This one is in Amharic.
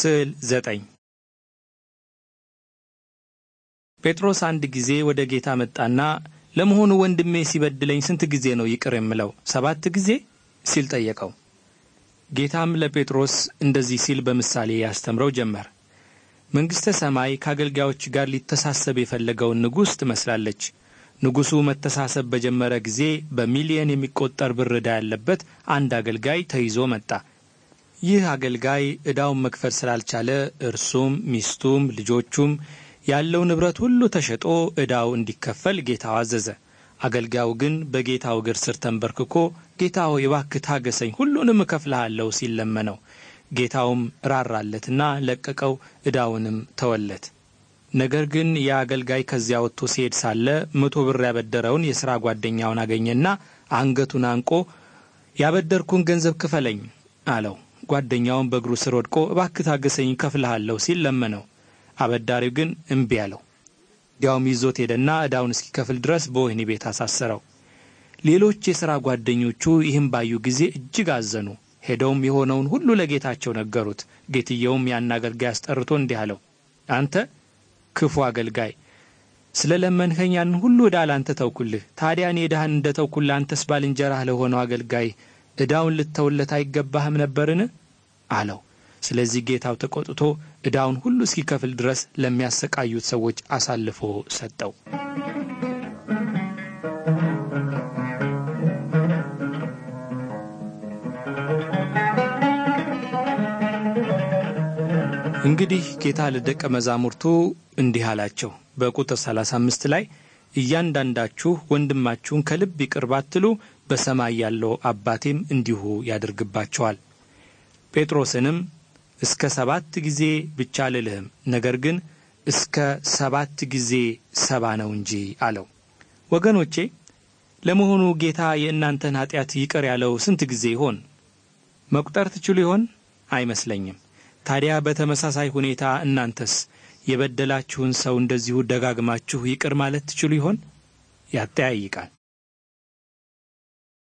ስዕል ዘጠኝ ጴጥሮስ አንድ ጊዜ ወደ ጌታ መጣና ለመሆኑ ወንድሜ ሲበድለኝ ስንት ጊዜ ነው ይቅር የምለው? ሰባት ጊዜ ሲል ጠየቀው። ጌታም ለጴጥሮስ እንደዚህ ሲል በምሳሌ ያስተምረው ጀመር። መንግሥተ ሰማይ ከአገልጋዮች ጋር ሊተሳሰብ የፈለገውን ንጉሥ ትመስላለች። ንጉሡ መተሳሰብ በጀመረ ጊዜ በሚሊየን የሚቆጠር ብር ዕዳ ያለበት አንድ አገልጋይ ተይዞ መጣ። ይህ አገልጋይ ዕዳውን መክፈል ስላልቻለ እርሱም ሚስቱም ልጆቹም ያለው ንብረት ሁሉ ተሸጦ ዕዳው እንዲከፈል ጌታው አዘዘ። አገልጋዩ ግን በጌታው እግር ስር ተንበርክኮ ጌታ ሆይ እባክህ ታገሰኝ፣ ሁሉንም እከፍልሃለሁ ሲል ለመነው። ጌታውም ራራለትና ለቀቀው፣ ዕዳውንም ተወለት። ነገር ግን የአገልጋይ አገልጋይ ከዚያ ወጥቶ ሲሄድ ሳለ መቶ ብር ያበደረውን የሥራ ጓደኛውን አገኘና አንገቱን አንቆ ያበደርኩን ገንዘብ ክፈለኝ አለው። ጓደኛውን በእግሩ ስር ወድቆ እባክህ ታገሰኝ እከፍልሃለሁ ሲል ለመነው። አበዳሪው ግን እምቢ አለው። እንዲያውም ይዞት ሄደና ዕዳውን እስኪከፍል ድረስ በወህኒ ቤት አሳሰረው። ሌሎች የሥራ ጓደኞቹ ይህም ባዩ ጊዜ እጅግ አዘኑ። ሄደውም የሆነውን ሁሉ ለጌታቸው ነገሩት። ጌትየውም ያን አገልጋይ አስጠርቶ እንዲህ አለው፣ አንተ ክፉ አገልጋይ ስለ ለመንኸኝ ያንን ሁሉ ዕዳ ላንተ ተውኩልህ። ታዲያ እኔ ዕዳህን እንደ ተውኩልህ አንተስ ባልንጀራህ ለሆነው አገልጋይ ዕዳውን ልተውለት አይገባህም ነበርን አለው። ስለዚህ ጌታው ተቆጥቶ ዕዳውን ሁሉ እስኪከፍል ድረስ ለሚያሰቃዩት ሰዎች አሳልፎ ሰጠው። እንግዲህ ጌታ ለደቀ መዛሙርቱ እንዲህ አላቸው በቁጥር 35 ላይ እያንዳንዳችሁ ወንድማችሁን ከልብ ይቅር ባትሉ በሰማይ ያለው አባቴም እንዲሁ ያደርግባቸዋል። ጴጥሮስንም እስከ ሰባት ጊዜ ብቻ አልልህም፣ ነገር ግን እስከ ሰባት ጊዜ ሰባ ነው እንጂ አለው። ወገኖቼ ለመሆኑ ጌታ የእናንተን ኃጢአት ይቅር ያለው ስንት ጊዜ ይሆን? መቁጠር ትችሉ ይሆን? አይመስለኝም። ታዲያ በተመሳሳይ ሁኔታ እናንተስ የበደላችሁን ሰው እንደዚሁ ደጋግማችሁ ይቅር ማለት ትችሉ ይሆን? ያጠያይቃል።